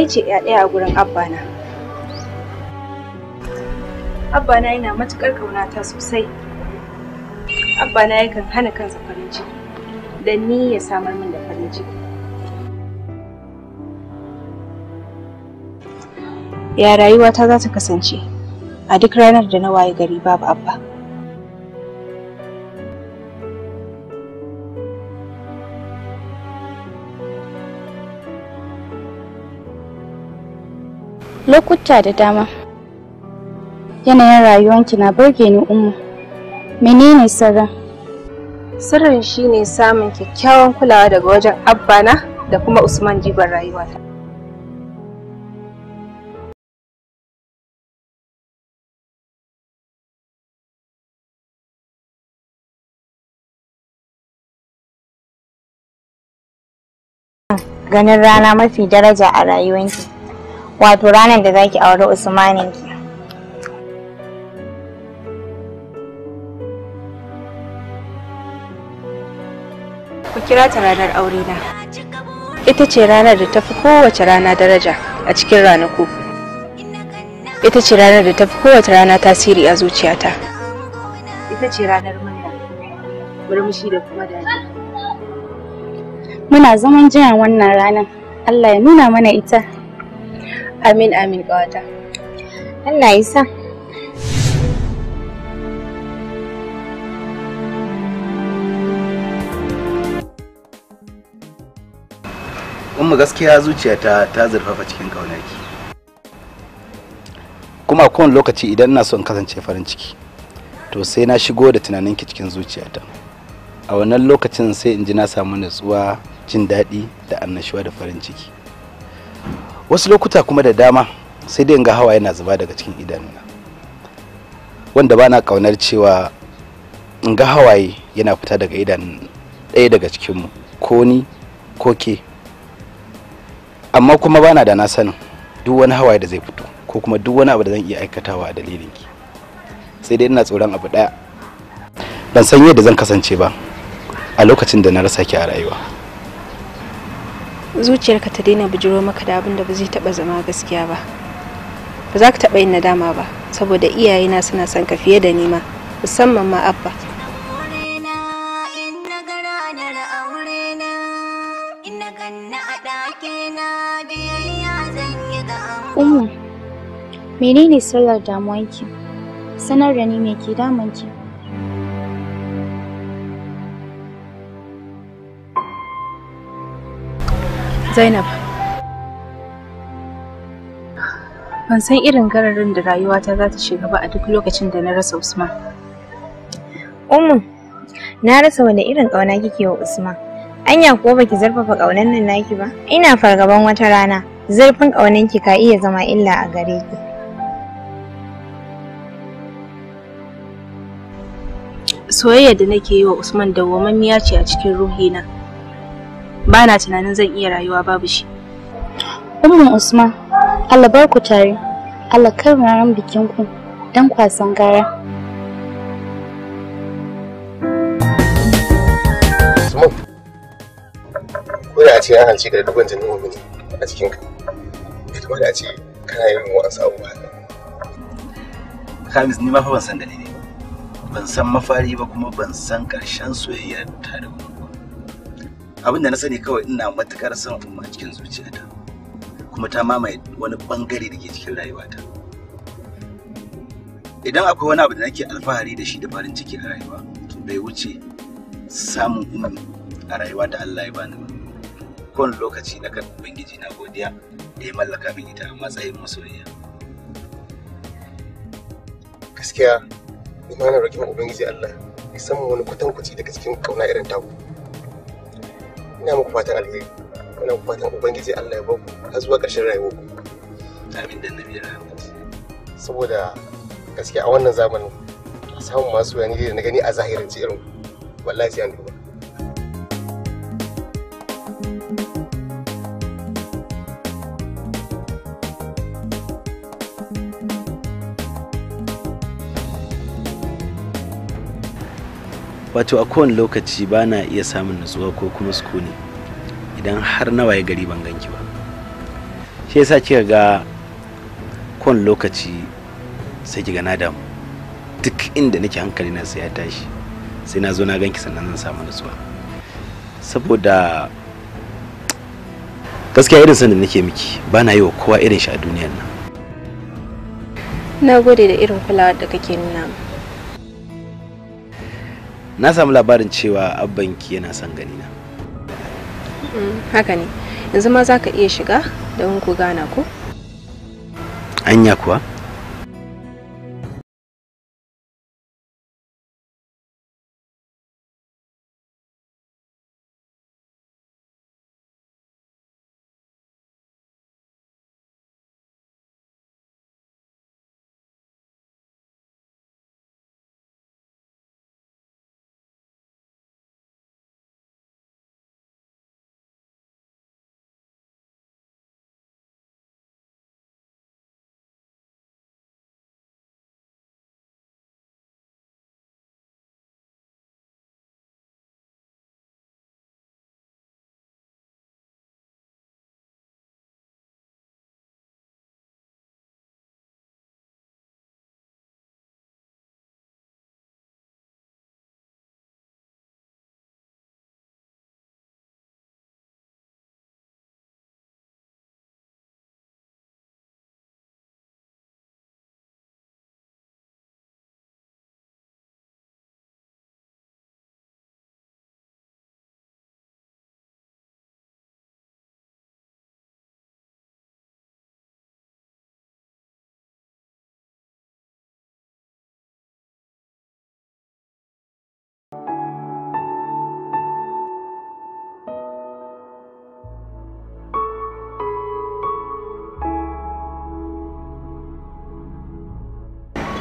kaɗai ce ya ɗaya a gurin abbana. Abbana yana matuƙar ƙaunata sosai. Abbana yakan hana kansa farin ciki, don ni ya samar min da farin ciki. Ya rayuwata za ta kasance a duk ranar da na waye gari babu abba. lokuta da dama yanayin rayuwanki na burge ni umu menene sirrin sirrin shine samun kyakkyawan kulawa daga wajen abbana da kuma usman jibar rayuwata ganin rana mafi daraja a rayuwanki wato ranar da zaki aure usmanin ki ku kira ta ranar aure na ita ce ranar da tafi kowace rana daraja a cikin ranaku ita ce ranar da tafi kowace rana tasiri a zuciyata ita ce ranar murmushi da kuma dadi muna zaman jiran wannan ranar Allah ya nuna mana ita Amin amin ƙawata. Allah ya sa. Umma gaskiya zuciyata ta zurfafa cikin ki. Kuma a kowane lokaci idan ina son kasance farin ciki, to sai na shigo da tunaninki cikin zuciyata. A wannan lokacin sai in ji na samu natsuwa, jin daɗi da annashuwa da farin ciki. wasu lokuta kuma da dama sai dai ga hawa yana zuba daga cikin idanuna wanda ba na kaunar cewa in ga hawaye yana fita daga idan ɗaya daga cikinmu ko ni ko ke amma kuma bana da na sanin duk wani hawaye da zai fito ko kuma duk wani abu da zan iya aikatawa a dalilin ki sai dai ina tsoron abu daya. ban san yadda zan kasance ba a lokacin da na rasa ki a rayuwa zuciyarka ta daina bujiro maka da abin da ba zai taba zama gaskiya ba ba za ka taba yin nadama ba saboda iyayena suna son ka fiye da nima musamman ma abba umu menene sallar damuwanki? Sanar da ni me ke damunki? Zainab. Ban san irin gararin da rayuwata za ta shiga ba a duk lokacin da na rasa Usman. Ummu, na rasa wani irin ƙauna kike wa Usman. Anya kuwa baki zarfafa ƙaunan nan naki ba? Ina fargaban wata rana, zurfin ƙaunanki ka iya zama illa a gare ki. Soyayya da nake yi wa Usman dawwamammiya ce a cikin ruhina. ba na tunanin zan iya rayuwa babu shi umma usman allah bar ku tare allah kar ranar bikin ku dan kwasan gara ko da a ce an halce ka da dubban jinin mu ne a cikin ka ya da a ce kana yin wa'ansu abubuwa Hamis ni ma fa ban san dalili ban san mafari ba kuma ban san karshen soyayyar ta da mu abin da na sani kawai ina matukar son umma cikin zuciyata kuma ta mamaye wani bangare da ke cikin rayuwata idan akwai wani abu da nake alfahari da shi da farin ciki a rayuwa to bai wuce samun umma a rayuwa da Allah ya bani ba kowane lokaci na kan ubangiji na godiya da ya mallaka min ita a matsayin masoyiya gaskiya imanin rakin ubangiji Allah ya samu wani kwatankwaci daga cikin kauna irin taku ina muku fatan alheri ina muku fatan ubangiji Allah ya ku har zuwa ƙarshen rayuwa amin da nabi saboda gaskiya a wannan zamanin samun masu yanayi da na gani a zahirin irin wallahi sai an duba wato a kowane lokaci ba na iya samun nutsuwa ko kuma sukuni idan har nawa ya gari ban ganki ba shi yasa kika ga kowane lokaci sai kiga na damu duk inda nake hankali na sai ya tashi sai na zo na ganki sannan zan samu nutsuwa saboda gaskiya irin sanda nake miki ba na yi wa kowa irin shi a duniyar nan na gode da irin kulawar da kake nuna mu na samu labarin cewa abbanki yana son gani na mm, haka ne yanzu ma za ka iya shiga don ku gana ko anya kuwa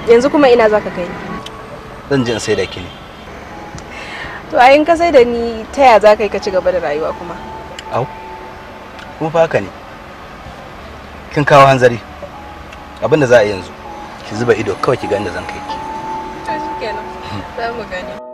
yanzu kuma ina zaka kai zan je in sai da ki ne to ayin ka sai da ni ta ya za ka ka ci gaba da rayuwa kuma au kuma fa haka ne kin kawo hanzari abinda za a yanzu ki zuba ido kawai ki ga inda zan kai ki to shikenan hmm. za mu gani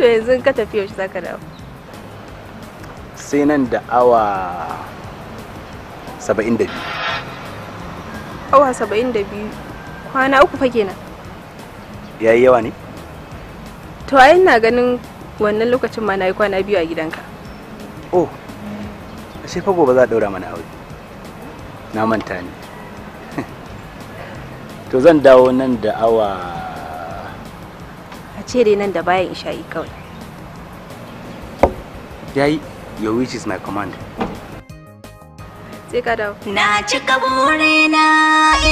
to yanzu ka tafi yaushe zaka dawo sai nan da awa 72 awa 72 kwana uku fa kenan yayi yawa ne to ai ina ganin wannan lokacin ma nayi kwana biyu a gidanka oh ashe fa gobe za a daura mana aure na manta ne to zan dawo nan da awa ce dai nan da bayan isha'i kawai yayi your wish is my command sai ka dawo na cika burina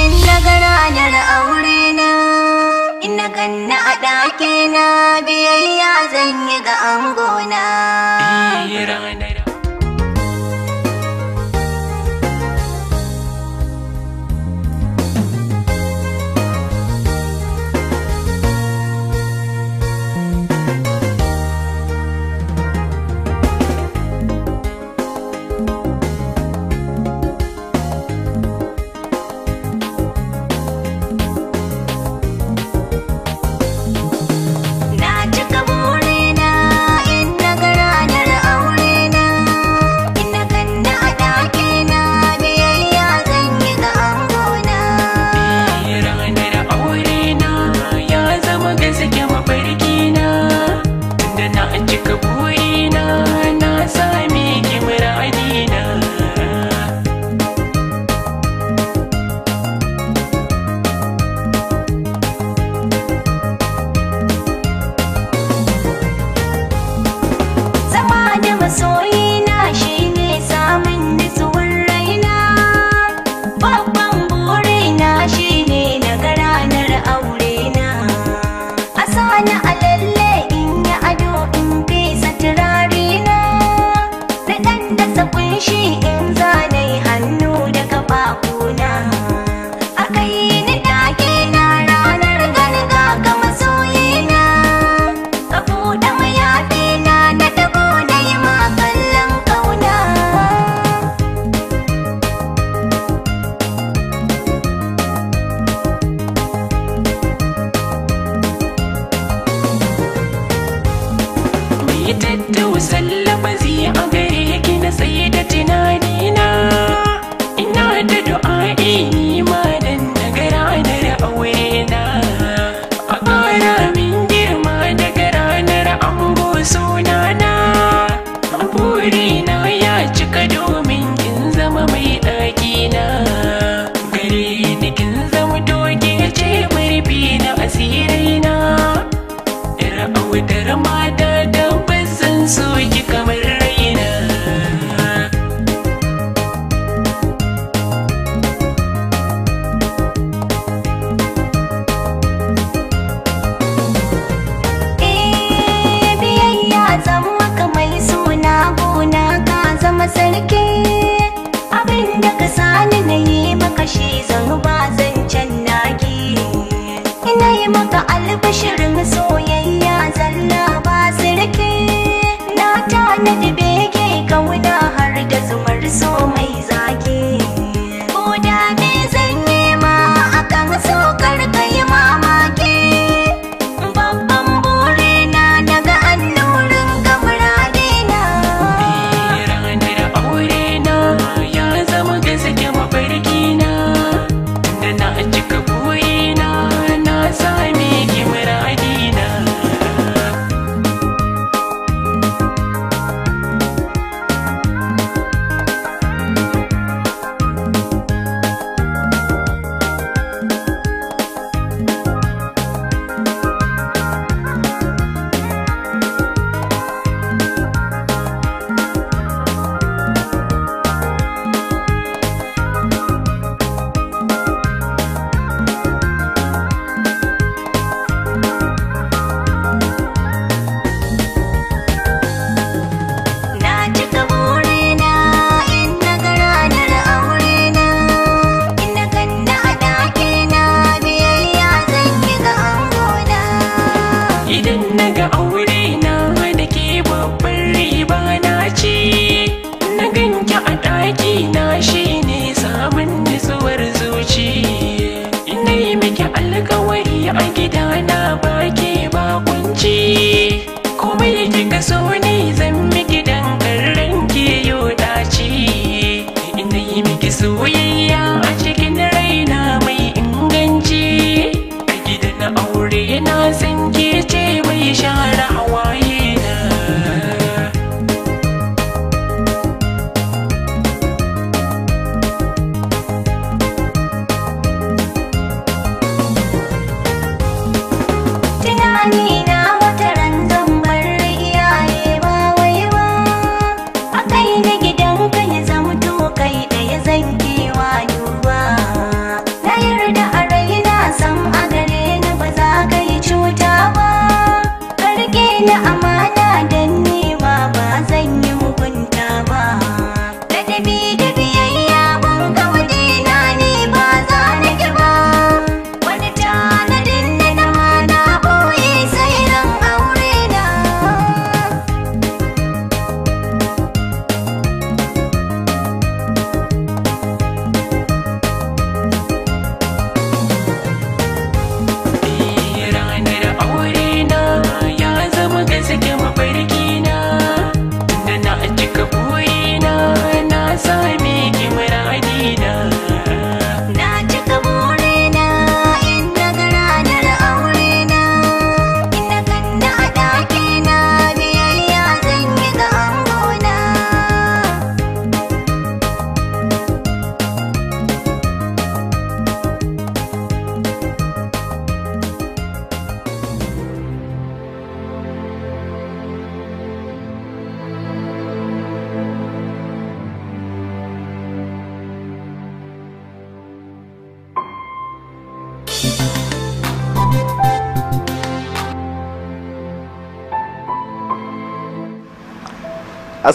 in na ga ranar aure na in na ganna a ɗake na biyayya zan yi ga angona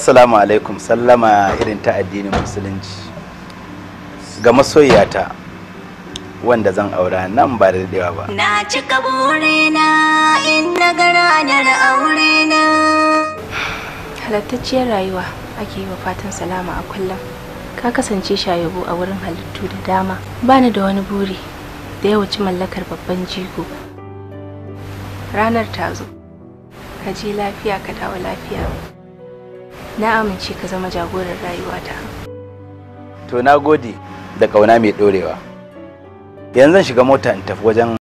assalamu alaikum sallama irin ta addinin musulunci ga masoyata wanda zan aura nan ba da daɗewa ba na cika na in na ga aure na halattacciyar rayuwa ake yi wa fatan salama a kullum ka kasance shayabu a wurin halittu da dama bani da wani buri da ya wuce mallakar babban jigo ranar ta zo ka je lafiya ka dawo lafiya na amince ka zama jagorar rayuwata to na gode da ƙauna mai ɗorewa yanzu shiga mota in tafi wajen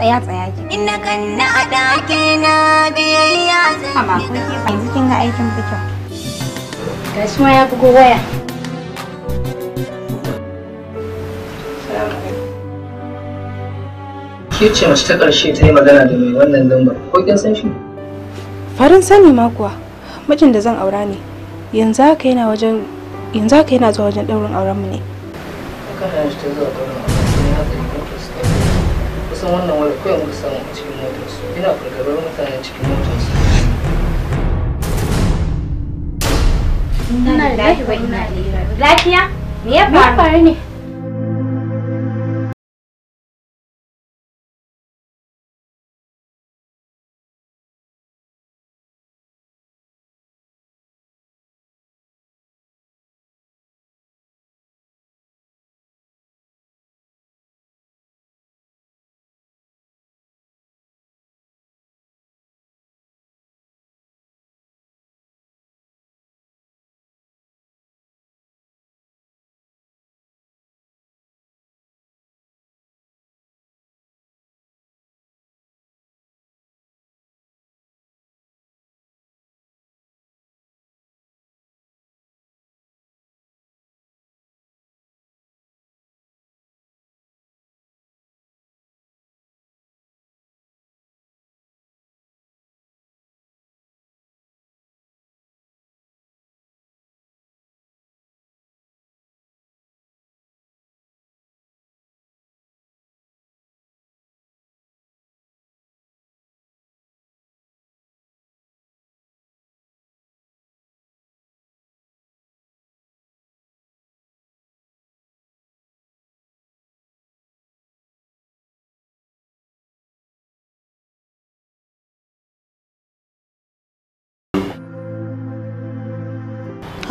tsaya tsaya ki ina kan na ada na biyayya zan amma ko ki fa yanzu kin ga aikin bikin gashi ma ya bugo waya ke ce mace ta ƙarshe ta yi magana da mai wannan lambar ko kin san shi farin sani ma kuwa mijin da zan aura ne yanzu haka yana wajen yanzu haka yana zuwa wajen ɗaurin auren mu ne kana shi ta zuwa ɗaurin kusan wannan wani kawai muka samu a cikin motarsu ina fargabar mutane cikin motarsu Ina da lafiya? Me ya faru? ne?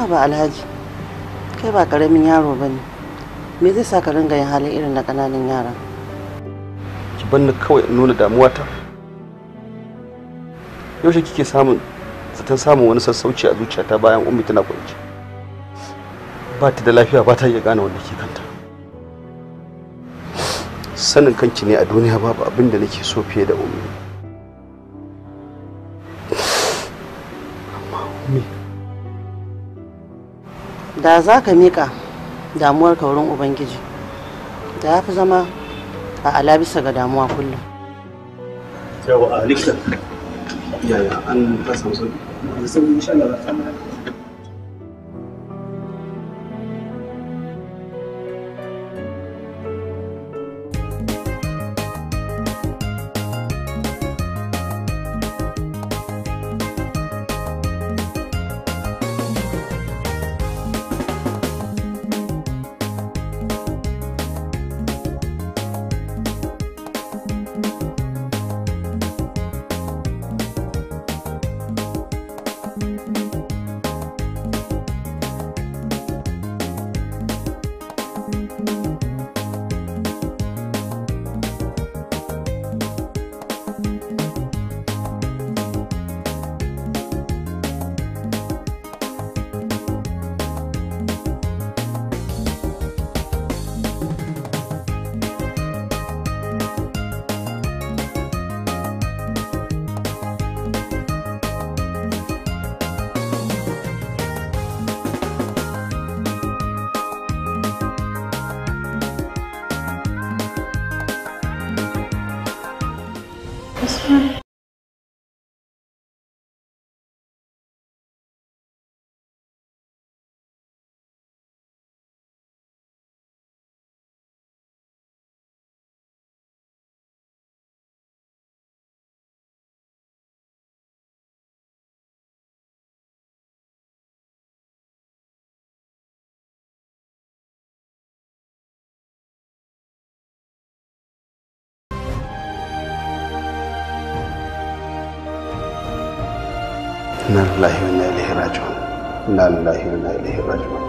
ba alhaji kai ba karamin yaro ba ne me zai sa ka ringa yin halin irin na kananan yara ki ni kawai in nuna damuwata yaushe kike samun samun wani sassauci a zuciyata bayan ummi tana kwanci ba ta da lafiya ba ta iya gane wanda ke kanta sanin kanki ne a duniya babu abin da nake so fiye da ummi da za ka miƙa damuwar ka ubangiji da ya fi zama a alabisa ga damuwa kullum yawa a halitta yaya an fasa samu sauki da sauki insha إنا لله وإنا إليه راجعون إنا لله وإنا إليه راجعون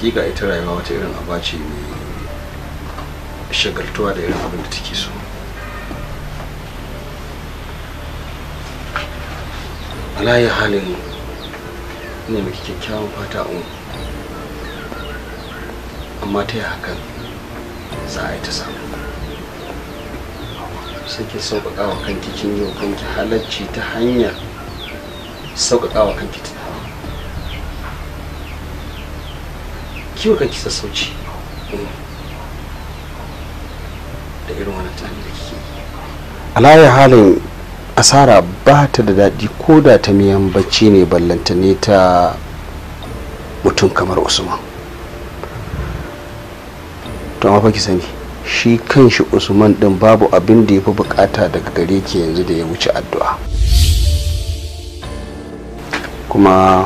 hakika ita rayuwa wata irin aba ce mai shagaltuwa da irin abin da take so alayi halin ne mai kyakkyawan fata un amma ta yi hakan za a yi ta samu sai ki sauƙaƙa wa kanki kin yi kanki halarci ta hanyar sauƙaƙa wa kanki ta kiwa kanki sassauci eh, da irin wani tunani da kike alaya halin asara ba ta da daɗi ko da ta miyan bacci ne ballanta ne ta mutum kamar usman to amma fa ki sani shi kan shi usman din babu abin da ya fi bukata daga gare ki yanzu da ya wuce addu'a kuma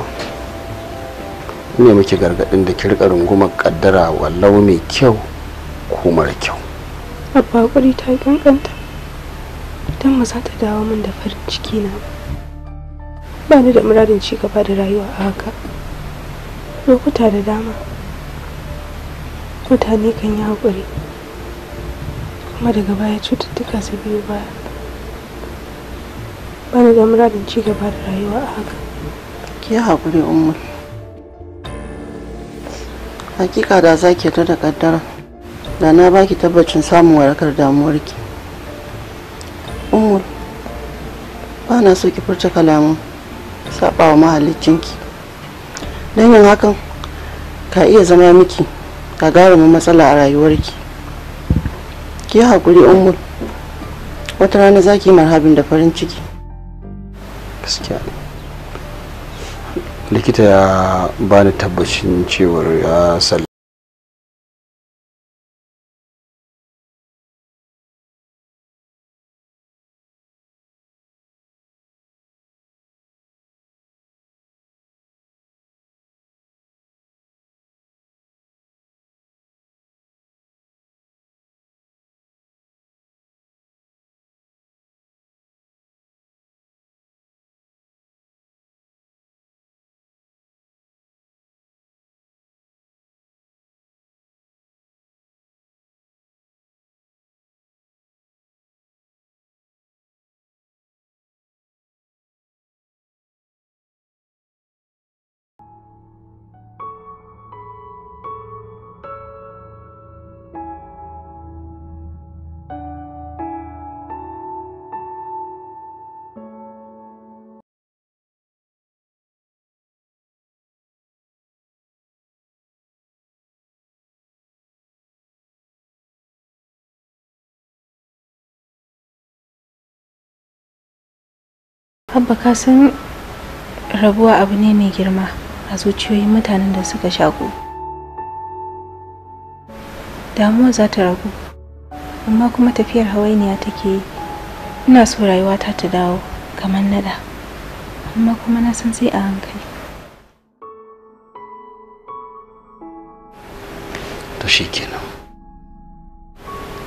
ne muke gargaɗin da ki rika rungumar kaddara wallau mai kyau ko mara kyau abba kuri ta kankanta idan ba za ta dawo min da farin ciki na ba ni da muradin ci gaba da rayuwa a haka lokuta da dama mutane kan yi hakuri kuma daga baya cututtuka su biyu ba. ba ni da muradin ci gaba da rayuwa a haka ki haƙuri umar hakika da za ki da kaddara da na baki tabbacin samun warakar damuwarki umar ba na so ki furta kalamu saba wa mahalicinki don yin hakan ka iya zama miki ka mu matsala a rayuwarki ki haƙuri umar wata rana za ki marhabin da farin ciki gaskiya likita ya bani tabbacin cewar ya abba ka san rabuwa abu ne mai girma a zuciyoyin mutanen da suka shaku damuwa za ta ragu amma kuma tafiyar hawainiya take yi ina so rayuwata ta dawo kamar nada amma kuma na san sai a hankali to kenan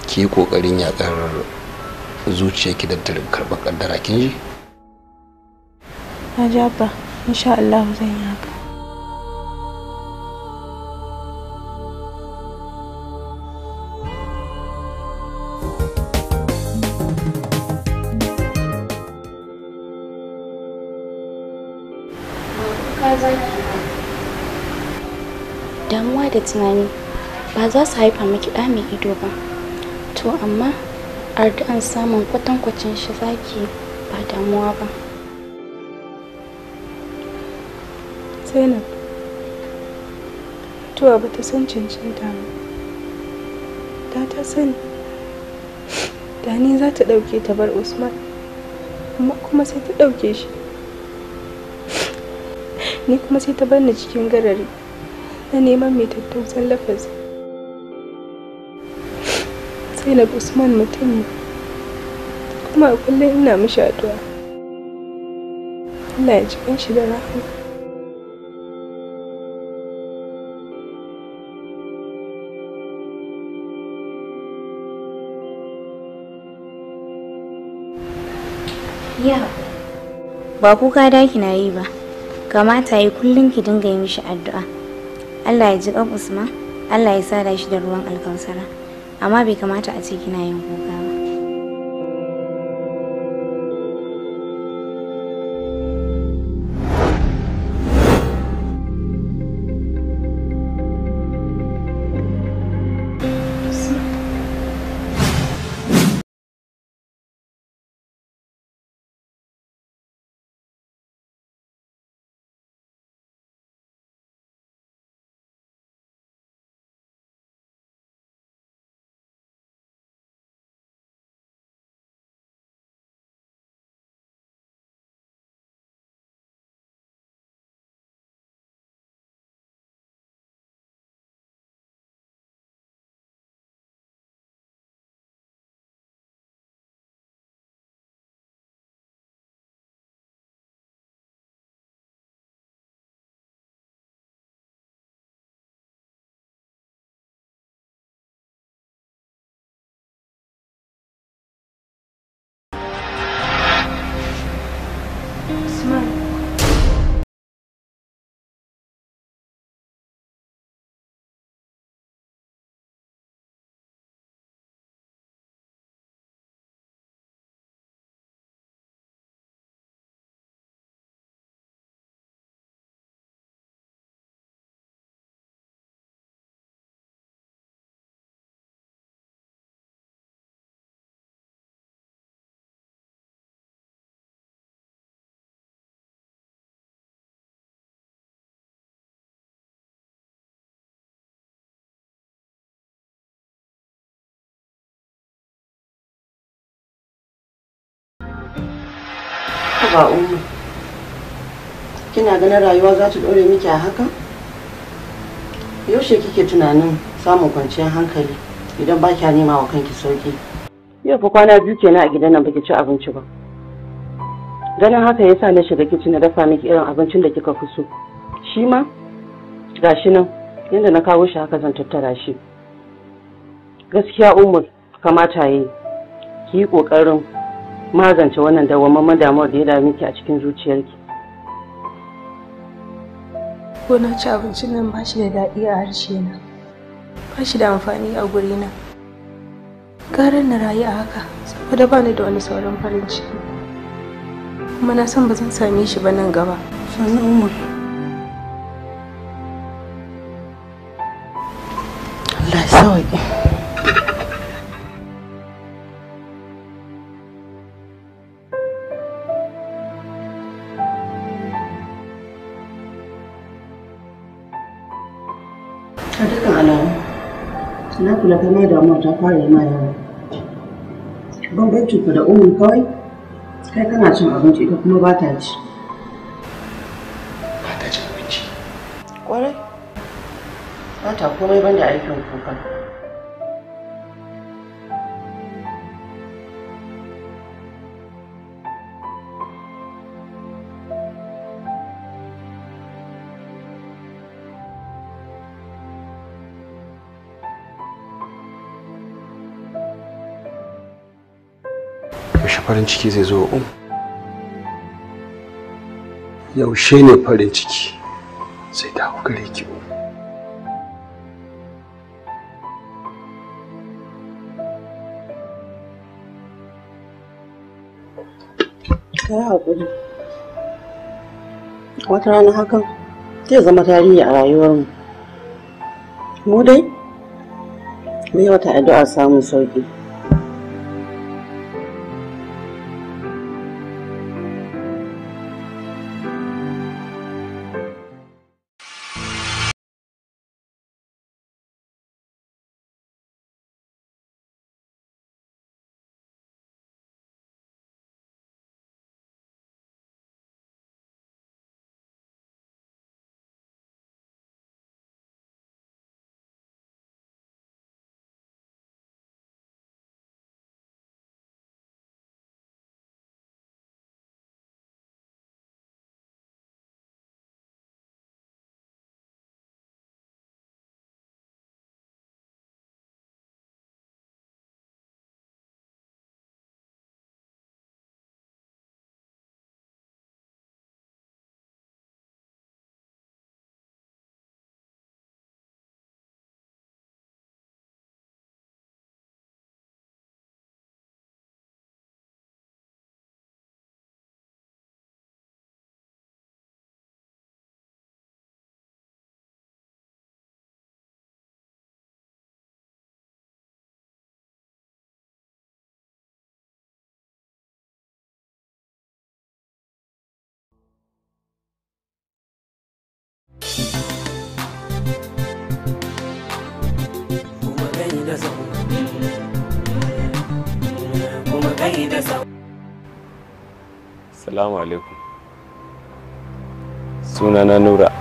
ki yi kokarin yakar zuciyarki da karɓar kaddara kin ji na ji abba insha Allah zan yi haka damuwa da tunani ba za su haifa miki ɗa mai ido ba to amma ardu'an samun kwatankwacin shi zaki ba damuwa ba zainab mutuwa ba ta san cancanta ba da ta sani da ni za ta ɗauke ta bar usman amma kuma sai ta ɗauke shi ni kuma sai ta bar ni cikin garari na neman mai tattausan lafazi zainab usman mutum ne kuma a kullum ina mishi addu'a Allah ya ji shi da rahama ba kuka daki na yi ba kamata yi kullum ki dinga yi mishi addu'a Allah ya ji kan Usman Allah ya sada shi da ruwan alkansara amma bai kamata a ce kina yin kuka ba Haba umma. Kina ganin rayuwa za ta ɗore miki a haka? Yaushe kike tunanin samun kwanciyar hankali idan ba kya nema wa kanki sauki. Yau fa kwana biyu kenan a gidan nan baki ci abinci ba. Ganin haka sa na shiga kicin na dafa miki irin abincin da kika fi so. Shi ma gashi nan yadda na kawo shi haka zan tattara shi. Gaskiya Umar kamata yi ki yi ƙoƙarin magance wannan dawamman damuwar da ya dame a cikin zuciyarki ko na ci abincin nan ba shi da daɗi a harshe na ba shi da amfani a guri na Garin na rayu a haka saboda ba ni da wani sauran farin ciki kuma na san ba zan same shi ba nan gaba sannan umar Allah ya na kula ta mai da ta fara yi mai yawa bambancin ku da umun kawai kai kana cin abinci ita kuma ba ta ci ba ta cin abinci kwarai ba ta komai banda aikin kuka farin ciki zai zo um yaushe ne farin ciki sai ta hau gare ki um haƙuri wata rana hakan zai zama tarihi a rayuwarmu mu dai mai wata addu'a samun sauƙi salamu alaikum Suna na nura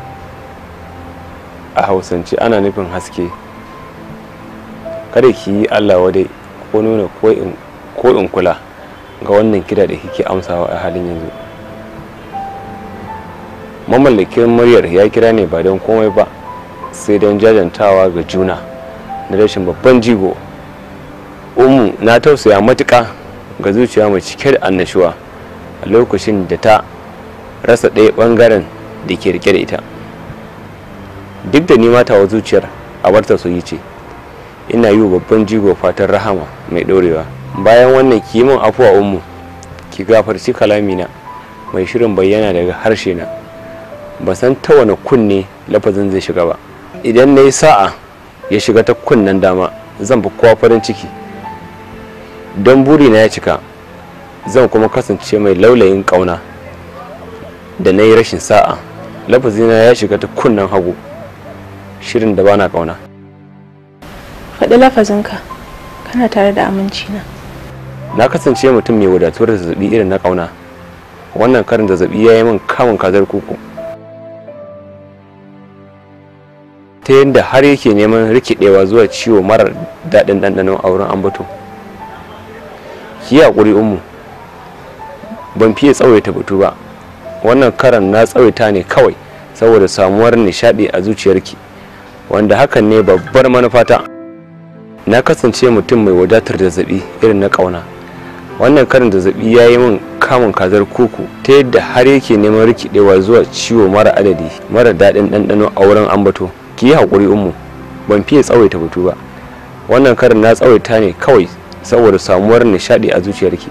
a hausance ana nufin haske kada ki yi allah wadai ko nuna ko in kula ga wannan kira da kike amsawa a halin yanzu mamallakin muryar ya kira ne ba don komai ba sai don jajantawa ga juna na rashin babban jigo umu na tausaya matuƙa ga zuciya mai cike da annashuwa lokacin da ta rasa ɗaya ɓangaren da ke rike da ita duk da nima tawa zuciyar a warta su yi ce ina yi babban jigo fatan rahama mai ɗorewa bayan wannan kimin afuwa ummu ki gafarci kalamina mai shirin bayyana daga harshe na ba san ta wani kunne lafazin zai shiga ba idan na yi sa'a ya shiga ta kunnen dama zan fi kowa farin ciki don burina ya cika zan kuma kasance mai laulayin ƙauna da na yi rashin sa'a lafazina ya shiga ta kunnen hagu shirin da bana ƙauna faɗi lafazinka kana tare da aminci na na kasance mutum mai wadatuwar zazzabi irin na kauna wannan karin zazzabi ya yi min kamun kazar kuku ta yadda har yake neman rikidewa zuwa ciwo marar daɗin ɗanɗanon auren ambato ki haƙuri umu ban fiye tsawaita batu ba wannan karan na tsawaita ne kawai saboda samuwar nishadi a zuciyarki wanda hakan ne babbar manufata na kasance mutum mai wadatar zazzabi irin na kauna wannan karin zazzabi ya yi min kamun kazar kuku ta yadda har yake neman rikidewa zuwa ciwo mara adadi mara daɗin ɗanɗano a wurin ambato ki yi haƙuri ummu ban fiye tsawaita batu ba wannan karin na tsawaita ne kawai saboda samuwar nishadi a zuciyarki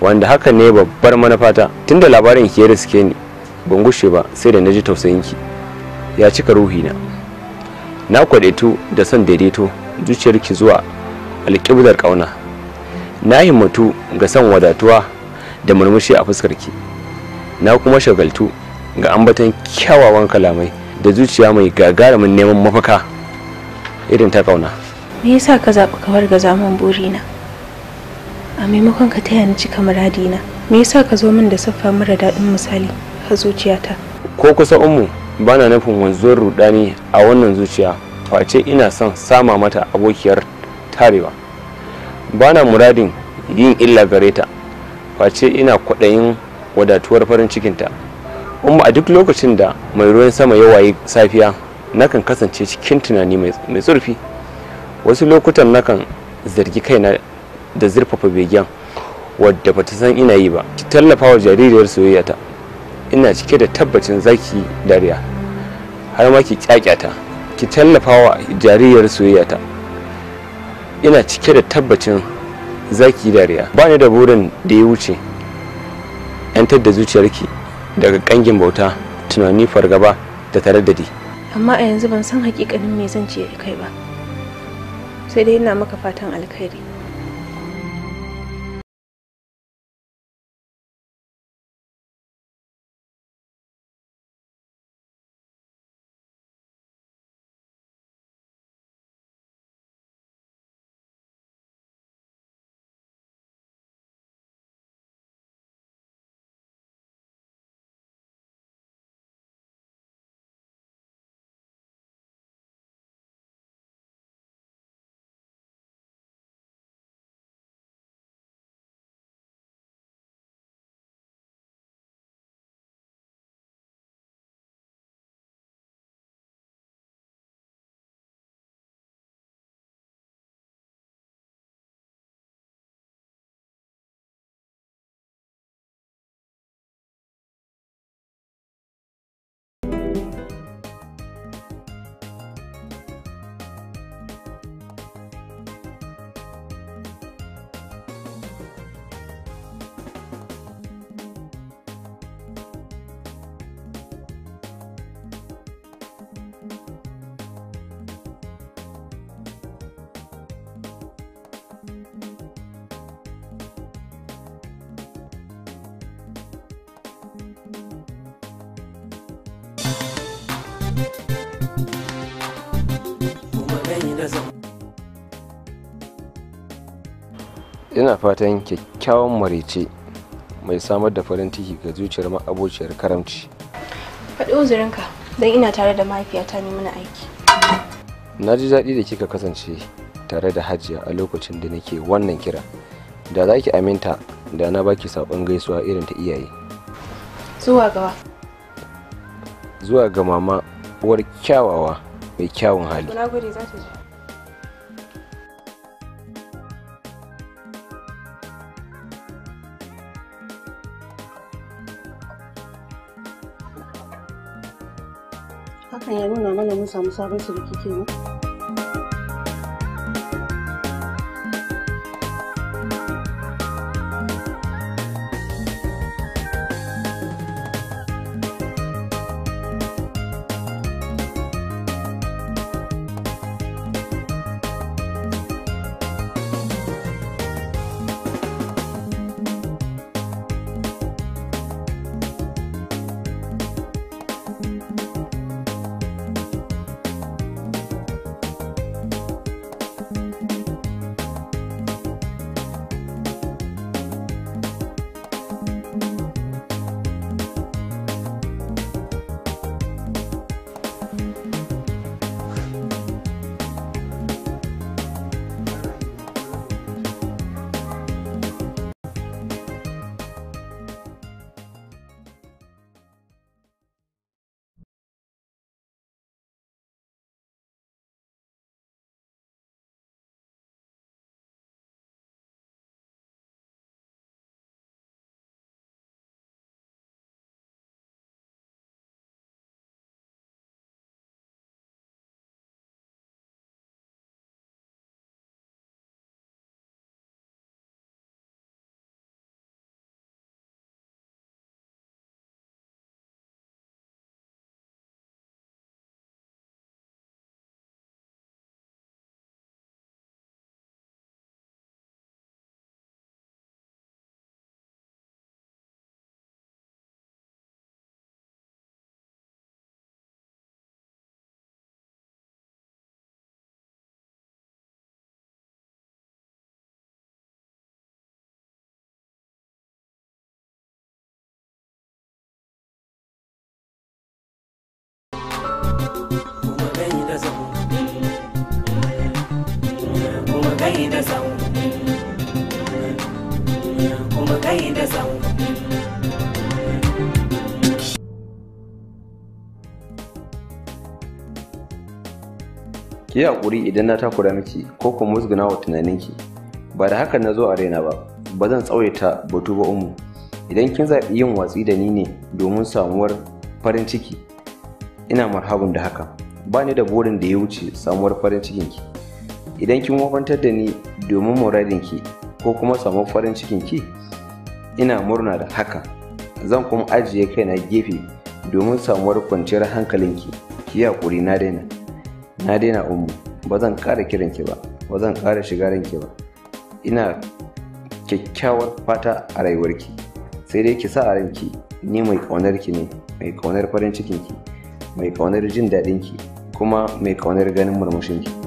wanda hakan ne babbar tun tunda labarin ki da riske ni ban gushe ba sai da naji tausayin ki ya cika ruhina na kwadaitu da son daidaito zuciyar ki zuwa alƙiblar ƙauna na himmatu ga son wadatuwa da murmushi a fuskar ki na kuma shagaltu ga ambaton kyawawan kalamai da zuciya mai gagarumin neman mafaka irin ta ƙauna me yasa ka zaɓi kawar ga zaman burina a maimakon ka taya ni cika muradina me yasa ka zo min da siffa mara daɗin misali a zuciyata ko kusa ummu bana nufin wanzuwar rudani a wannan zuciya face ina son sama mata abokiyar tarewa bana muradin yin illa gare ta face ina kwaɗayin wadatuwar farin cikinta umma a duk lokacin da mai ruwan sama ya waye safiya nakan kasance cikin tunani mai tsurfi wasu lokutan nakan zargi kaina da zurfafa begen wadda bata san ina yi ba ki tallafa wa jaririyar soyayyata ina cike da tabbacin zaki dariya har ma ki kyakyata ki tallafa wa jaririyar soyayyata ina cike da tabbacin zaki dariya ba ni da burin da ya wuce yantar da zuciyarki daga kangin bauta tunani fargaba da tare taraddadi amma a yanzu ban san hakikanin me zan ce kai ba sai dai yana maka fatan alkhairi ina fatan kyakkyawan marice mai samar da farin ciki ga zuciyar ma'abociyar karamci faɗi uzurinka don ina tare da mahaifiyata ne mana aiki na ji daɗi da kika kasance tare da hajiya a lokacin da nake wannan kira da za ki aminta da na baki saƙon gaisuwa irin ta iyaye zuwa gawa zuwa ga mama uwar kyawawa mai kyawun hali na gode za ta hakan ya nuna mana mun samu sabon mu. yi hakuri idan na takura miki ko kuma musguna wa tunaninki ba da haka na zo a raina ba ba zan tsawaita batu ba umu idan kin zaɓi yin watsi da ni ne domin samuwar farin ciki ina marhabun da haka ba ni da burin da ya wuce samuwar farin cikinki idan kin wafantar da ni domin muradinki ko kuma samuwar farin cikinki ina murna da haka zan kuma ajiye kaina gefe domin samuwar kwanciyar hankalinki ki yi hakuri na daina na daina umu ba zan ƙara kiranki ba ba zan ƙara shiga ranki ba ina kyakkyawar fata a rayuwar ki, sai dai ki sa a ranki ni mai ƙaunar ki ne mai ƙaunar farin ki, mai ƙaunar jin ki, kuma mai ƙaunar ganin ki.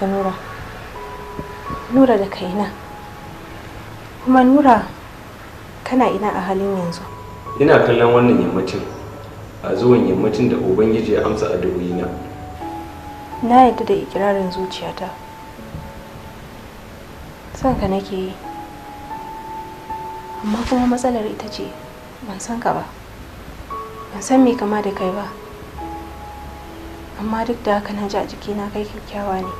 ta nura nura da kaina kuma nura kana ina a halin yanzu ina kallon wannan yammacin a zuwan yammacin da ubangiji ya amsa addu'o'ina na yadda da ikirarin zuciyata san ka nake yi amma kuma matsalar ita ce ban san ka ba ban san me kama da kai ba amma duk da haka na ji a jikina kai kyakkyawa ne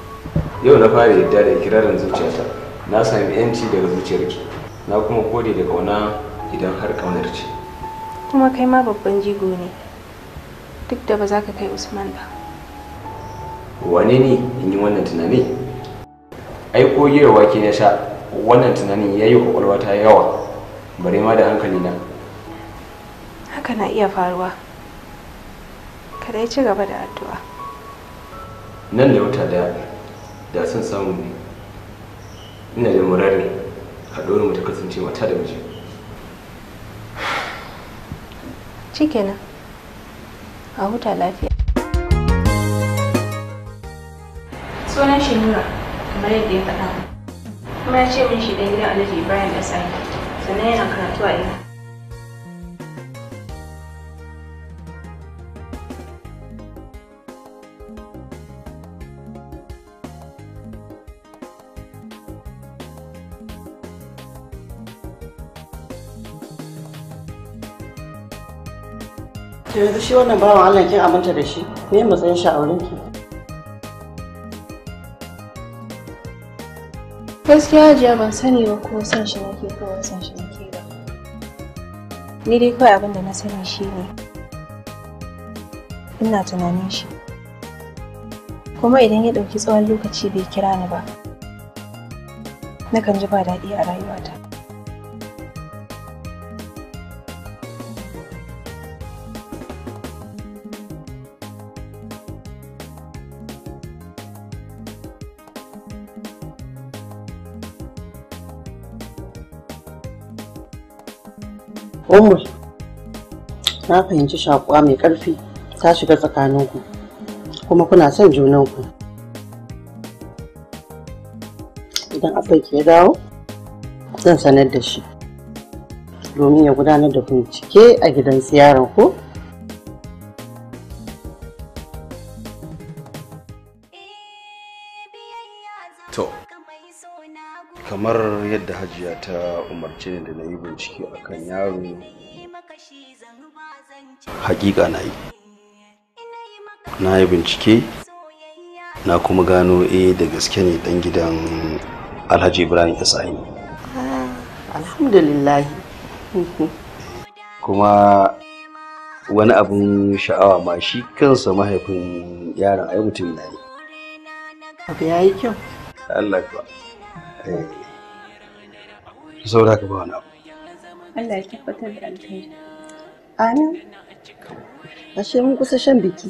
yau na fara yadda da ikirarin zuciyata na sami yanci daga zuciyarki na kuma kode da kauna idan har kaunar ce kuma kai ma babban jigo ne duk da ba za ka kai usman ba wane ne in yi wannan tunani ai ko ke na sha wannan tunanin ya yi kwakwalwa ta yawa bare ma da hankali na haka na iya faruwa kada ya ci gaba da addu'a nan da wuta daya da sun samu ne ina da murarin a dole mu ta kasance mata da miji shikenan a huta lafiya sunan shi nura kamar yadda ya faɗa kuma ya ce min shi ɗan gidan alhaji ibrahim da sani sannan yana karatu a ina To yanzu shi wannan bawan Allah kin aminta da shi, me matsayin shi a wurinki? Gaskiya jiya ban sani ba ko san shi nake ko ban san shi nake ba. Ni dai kawai abin da na sani shi ne. Ina tunanin shi. Kuma idan ya ɗauki tsawon lokaci bai kira ni ba, nakan ji ba daɗi a rayuwata. na fahimci shakuwa mai ƙarfi ta shiga tsakaninku kuma kuna son junanku idan afaiki ya dawo zan sanar da shi domin ya gudanar da bincike a gidan ziyarar ku kamar yadda hajiya ta umarci da na yi bincike akan yaro hakika na yi na yi bincike na kuma gano eh da gaske ne dan gidan alhaji ibrahim isa'in ah, alhamdulillah kuma wani abin sha'awa ma shi kansa mahaifin yaron ai mutum na ne abu ya yi kyau allah kuwa eh. saboda ka ba wani abu allah ya tabbatar da alkhairi Ashe mun kusa shan biki.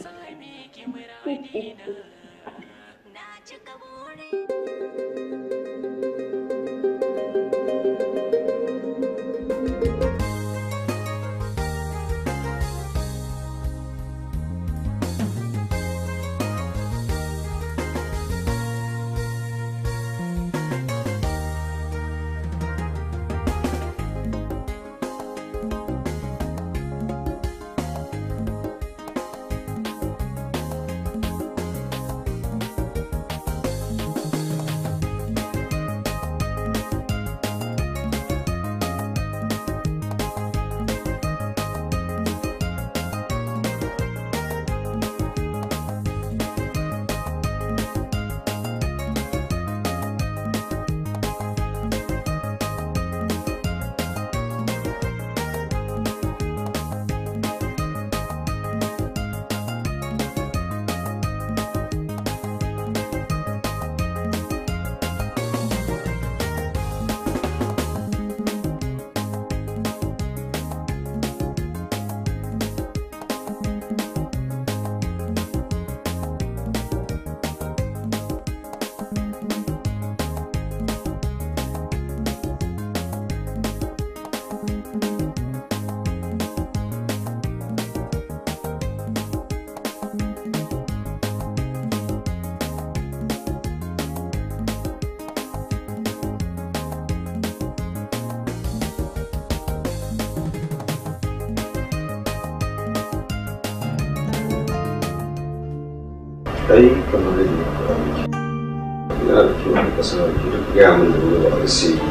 ai kamar da ne ka miki yana da kyau ka sanar ki duk ga da wani ba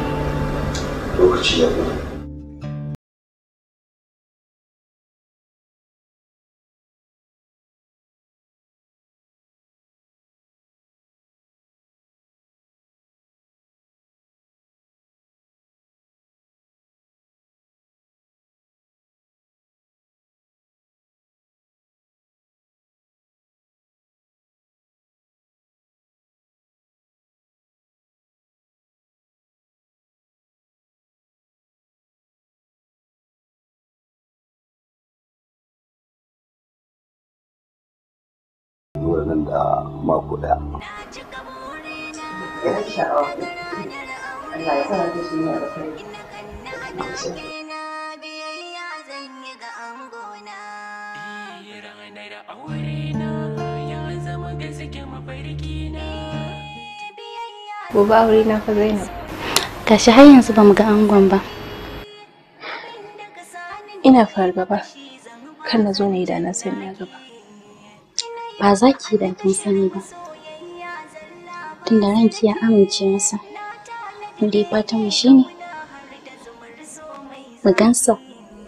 lokaci ya da mako daya gobe aure na fa Zainab. Gashi har yanzu bamu ga angon ba. Ina fargaba kan na zo na yi da na sani gaba. ba za ki da kin sani ba tunda ranki ya amince masa da ya fata mu shine mu gansa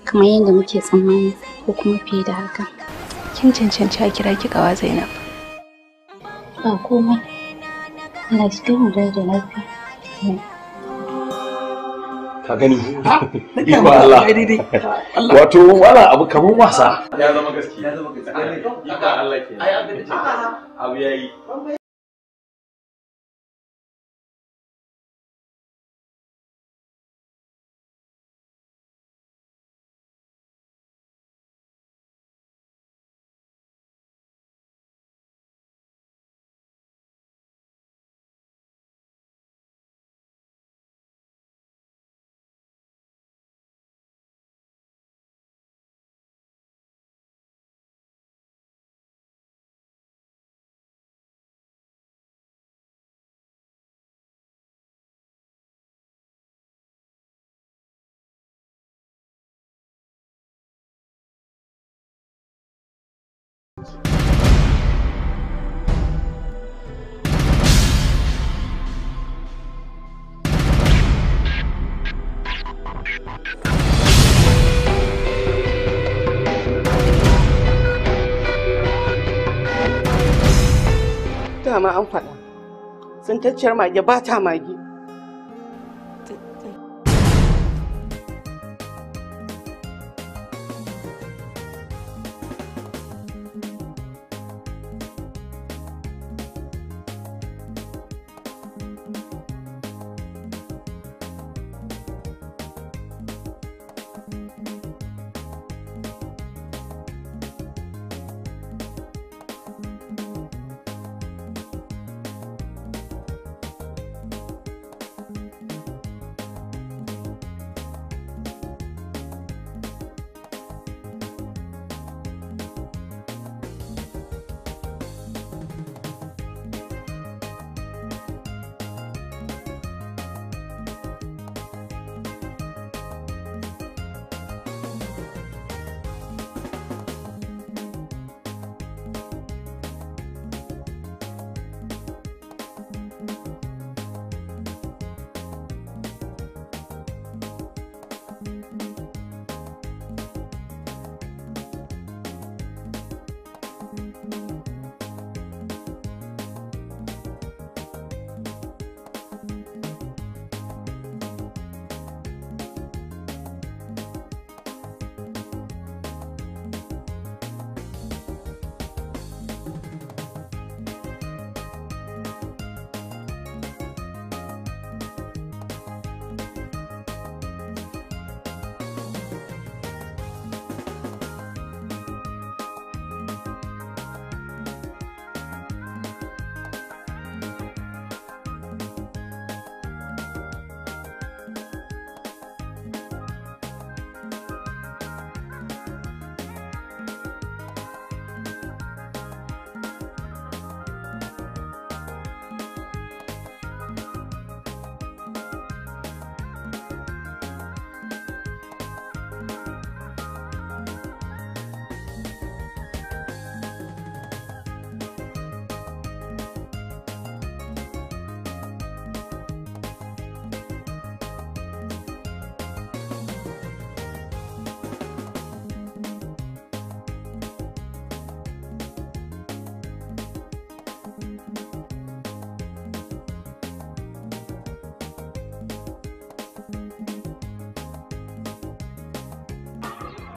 kamar yadda muke tsammani ko kuma fiye da haka kin cancanci a kira ki kawa Zainab ba komai Allah ya da lafiya ka gani iko Allah wato wala abu kaman wasa ya zama gaskiya ya zama gaskiya Allah ke yayi dama an faɗa tacciyar mage ba ta mage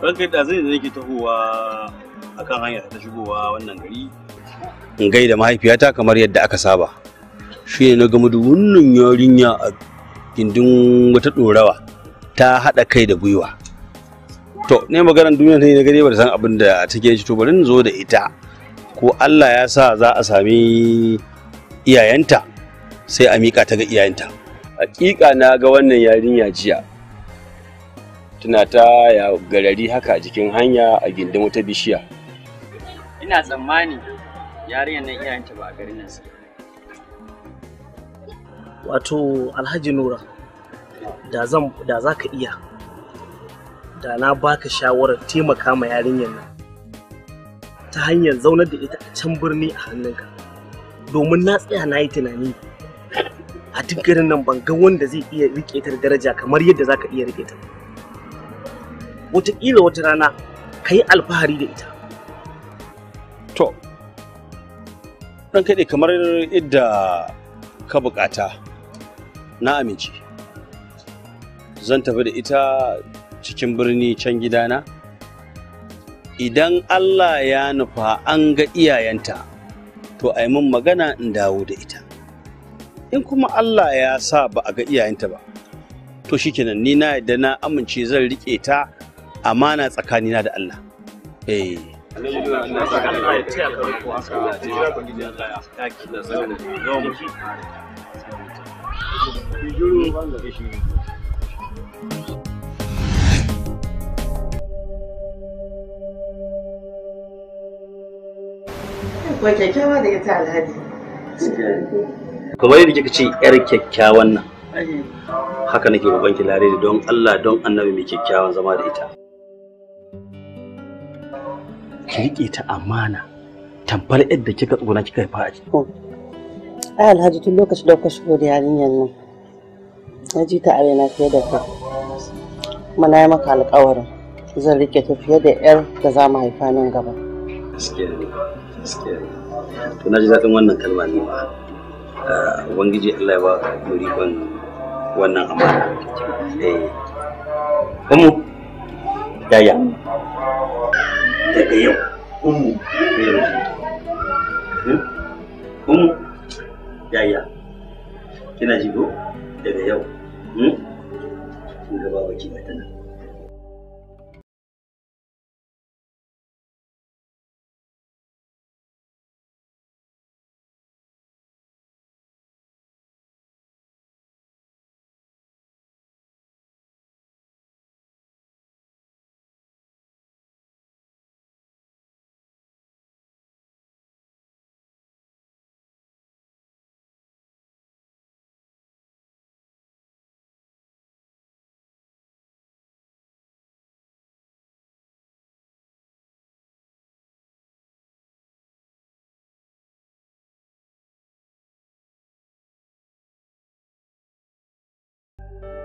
ranka da zai zai ke tahowa akan hanya ta shigowa wannan gari in gaida mahaifiyata kamar yadda aka saba shi ne na gama da wannan yarinya a gindin wata ɗorawa ta haɗa kai da gwiwa to ne maganar duniya ta yi na gari ba da san abin da take ci to bari zo da ita ko Allah ya sa za a sami iyayenta sai a miƙa ta ga iyayenta hakika na ga wannan yarinya jiya tana ta ya garari haka a jikin hanya a gindin wata bishiya ina tsammani yarinyar nan iyayenta ba a garin nan wato alhaji nura da zan za ka iya da na baka shawarar taimaka ma yarinyar nan ta hanyar zaunar da ita a can birni a hannunka domin na tsaya na yi tunani a duk garin nan ban ga wanda zai iya rike ta daraja kamar yadda za ka iya rike ta wataƙila wata rana ka yi alfahari da ita to ɗan kaɗe kamar idda ka bukata na amince zan tafi da ita cikin birni can gidana idan allah ya nufa an ga iyayenta to a yi magana in dawo da ita in kuma allah ya sa ba a ga iyayenta ba to shikenan ni na yadda na amince zan riƙe ta amana tsakanina da Allah eh kyakkyawa da ita alhaji. yadda kika ce yar kyakkyawan nan. Haka nake babban ki lare don Allah don annabi mai kyakkyawan zama da ita. ki riƙe ta amana tamfar yadda kika tsona kika fa a ciki. Ah. Ai Alhaji tun lokacin da kuka shigo da yarinyar nan na ji ta arena fiye da ka Kuma na yi maka alƙawari, zan riƙe ta fiye da yar da za mu haifa nan gaba. To na ji daɗin wannan kalma ne ma. Ah, Ubangiji Allah ya ba mu riƙon wannan amana. Eh. Ya Yaya. daga yau ummu da yau hmm? ummu yaya kina jigo daga yau kun ga baba ki mata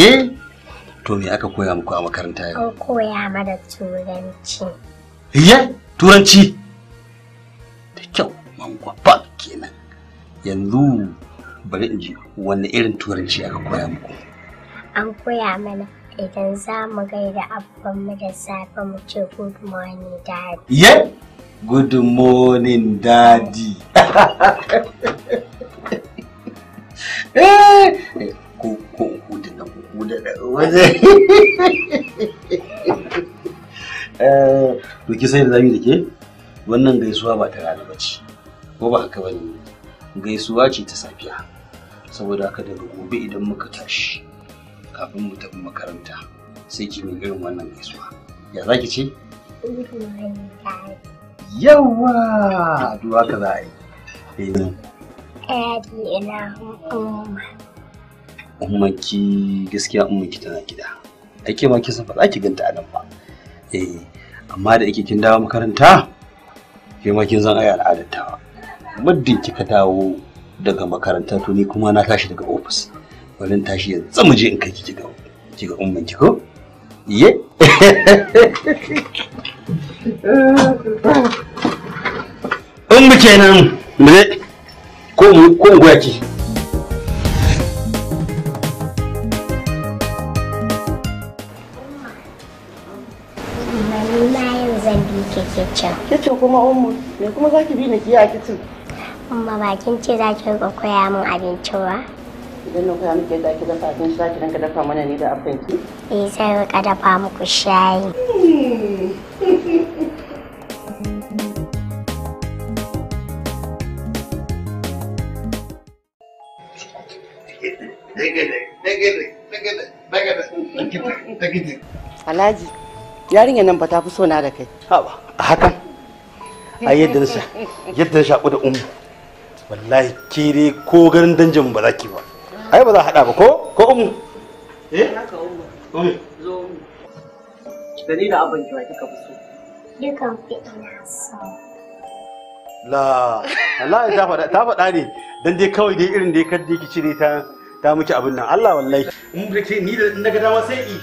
Ke? To me aka koya muku a makaranta yau? An koya mana turanci. Iye? Turanci? Da kyau, mangwa ba kenan. Yanzu bari in ji wani irin turanci aka koya muku. An koya mana idan za mu gaida mu da safe mu ce good morning daddy. Iye? Good morning daddy. ki sai da zamu da ke wannan gaisuwa ba ta rana ba ce ko ba haka bane gaisuwa ce ta safiya saboda haka daga gobe idan muka tashi kafin mu tafi makaranta sai ki mai irin wannan gaisuwa ya zaki ce yawa duwa ka za a yi ummanki gaskiya umarki tana gida ake ma kisan ba za ki ganta a nan ba eh amma da yake kin dawo makaranta ke kin zan ayi al'adar ta muddin kika dawo daga makaranta to ni kuma na tashi daga ofis Wannan tashi yanzu je in kai ki ga ki umman ki ko ye umma kenan mu ko mu ko goya ki kicin. Kicin kuma ummu me kuma za ki bi na ki a kicin? Umma bakin ce za ki riƙa koya min abinci ba. Idan na koya muke za ki dafa abinci za ki rinka dafa mana ni da abinki? Eh zai riƙa dafa muku shayi. Alhaji. yarinyar nan ba ta fi sona da kai a hakan a yadda na sha yadda na shaƙu da umu wallahi kere ko garin danjin ba za ki ba ai ba za haɗa ba ko ko umu eh haka umu umu zo umu gani da abin ki kika fi so dukan fi ina so la wallahi ta faɗa ta faɗa ne dan dai kawai dai irin da ya kaddi ki cire ta ta miki abin nan Allah wallahi in da ke ni da na ga dama sai i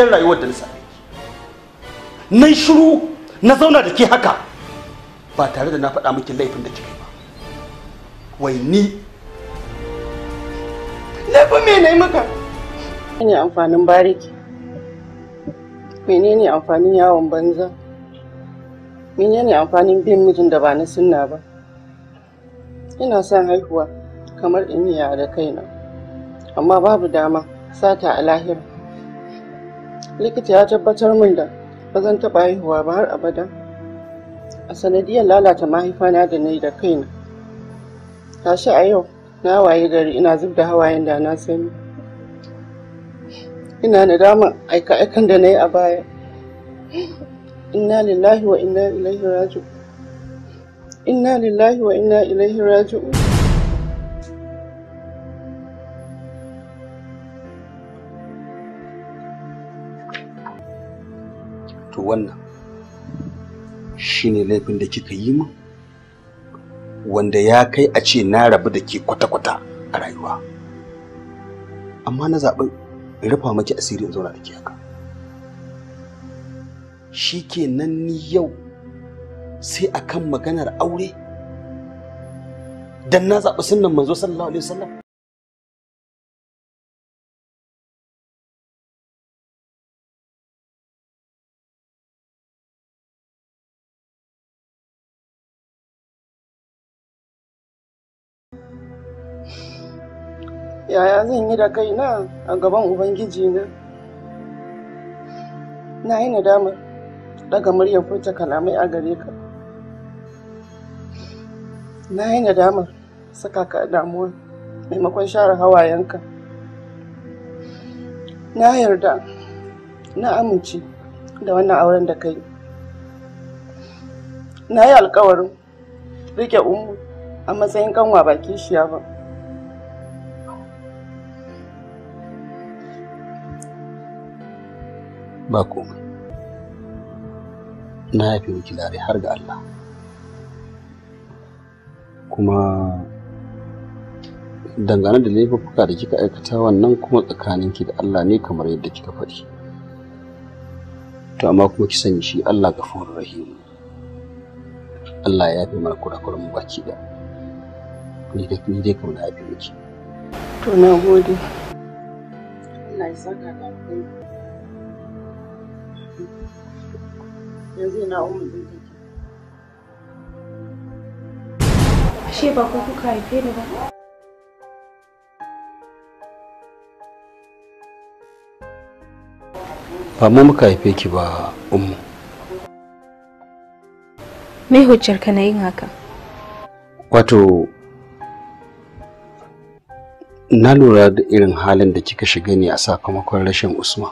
cikin rayuwar da na same na shiru na zauna da ke haka ba tare da na faɗa miki laifin da kika ba wai ni laifin me ne maka ne amfanin bariki menene amfanin yawon banza menene amfanin bin mijin da ba na sunna ba ina son haihuwa kamar in yi kai kaina amma babu dama sata a lahira likita ya tabbatar min da ba zan taɓa haihuwa ba har abada a sanadiyar lalata mahaifana da na yi da kaina tashi a yau na waye gari ina zub da hawayen da na sani ina nadama aika-aikan da na yi a baya inna lillahi wa inna ilaihi raji'un inna lillahi wa inna ilaihi raji'un to wannan shine laifin da kika yi min wanda ya kai a ce na rabu da ke kwata-kwata a rayuwa amma na zaɓi rufa maki asiri in zauna da ke haka shi ke nan ni yau sai akan maganar aure don na zaɓi sunan manzo sallallahu alaihi wasallam yaya zan yi da kaina a gaban ubangiji na na yi nadamar daga muryar furta kalamai a gare ka na yi nadamar saka ka damuwa maimakon share hawayenka na yarda na amince da wannan auren da kai na yi alkawarin rike umu a matsayin kanwa baki ya ba ba komai na haifi miki lare har ga Allah kuma dangane da laifuka da kika aikata wannan kuma tsakanin ki da Allah ne kamar yadda kika faɗi to amma kuma ki sani shi Allah gafurur rahim Allah ya yafe mana kurakuran baki da ni da dai kuma na haife miki to na gode Allah ya saka da kai yanzu ina din take ashe ba ku kuka haife ni ba ba mu muka haife ki ba Umu. me hujjar ka na yin haka wato na lura da irin halin da kika shiga ne a sakamakon rashin usman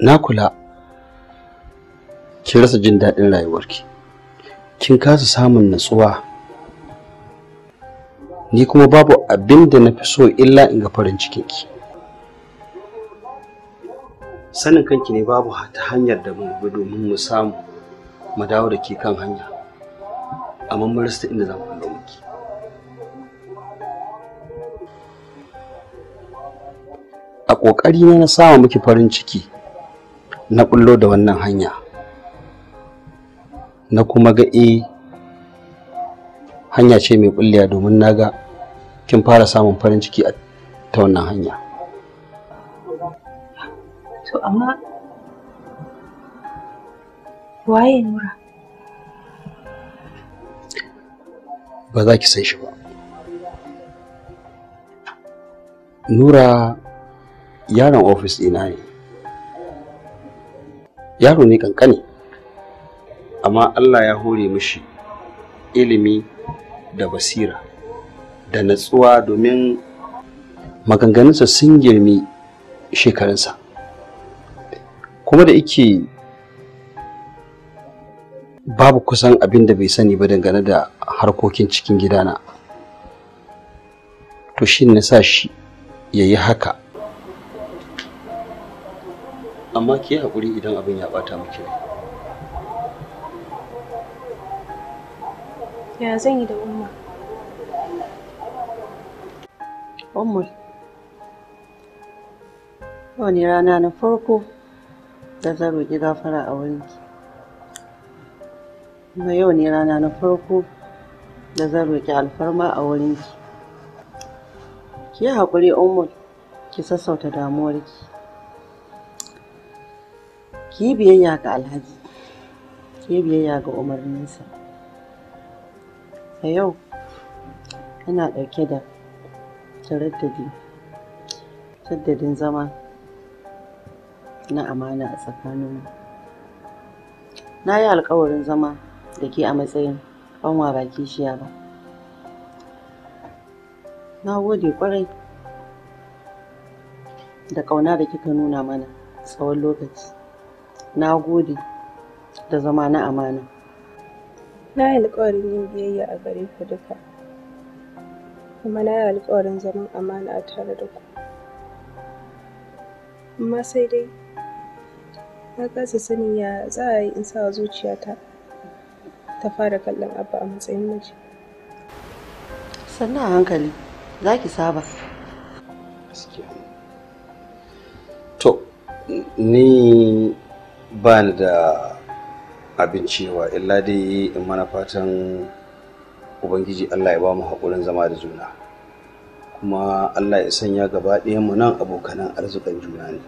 na kula kin rasa jin daɗin rayuwarki kin kasa samun natsuwa ni kuma babu abin da na fi so illa in ga farin cikinki sanin kanki ne babu ta hanyar da mu bi domin mu samu mu dawo da ke kan hanya amma mun rasa inda za mu kullo miki a ƙoƙari na na miki farin ciki na kullo da wannan hanya na kuma ga e hanya ce mai kulliya domin na ga kin fara samun farin ciki a ta wannan hanya to amma waye nura ba za ki san shi ba nura yaron ofis ɗina ne yaro ne kankani amma Allah ya hore mishi ilimi da basira da natsuwa domin maganganunsa sun girmi shekarunsa kuma da ike babu kusan abin da bai sani ba dangane da harkokin cikin gidana to shi na sa shi ya yi haka amma ki hakuri idan abin ya ɓata miki rai. Ya zan yi da umma? Umma, yau ne rana na farko da zan roƙi gafara a wurinki. Kuma yau ne rana na farko da zan roƙi alfarma a wurinki. Ki yi haƙuri, Umma, ki sassauta damuwarki. ki biyayya ga alhaji ki biyayya ga umarninsa a yau yana ɗauke da taraddadi taddadin zama na amana a tsakaninmu na yi alkawarin zama da ke a matsayin ƙanwa ba kishiya ba na gode kwarai. da ƙauna da kika nuna mana tsawon lokaci na da zama na amana na yi alƙawarin yin biyayya a gare ku duka kuma na yi alƙawarin zaman amana a tare da ku amma sai dai na kasa sanin ya za a yi in sa zuciyata ta fara kallon abba a matsayin miji sannan a hankali za ki saba to ni Bani da abinci wa illa dai in mana fatan ubangiji allah ya ba mu haƙurin zama da juna kuma allah ya sanya gaba ɗaya mu nan abokanan arzikin juna ne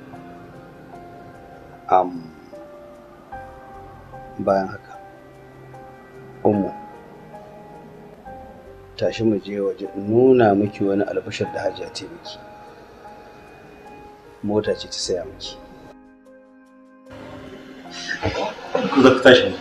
bayan haka umu tashi mu je waje nuna miki wani albashar da hajiya miki mota ce ta saya miki Куда ты тащишь?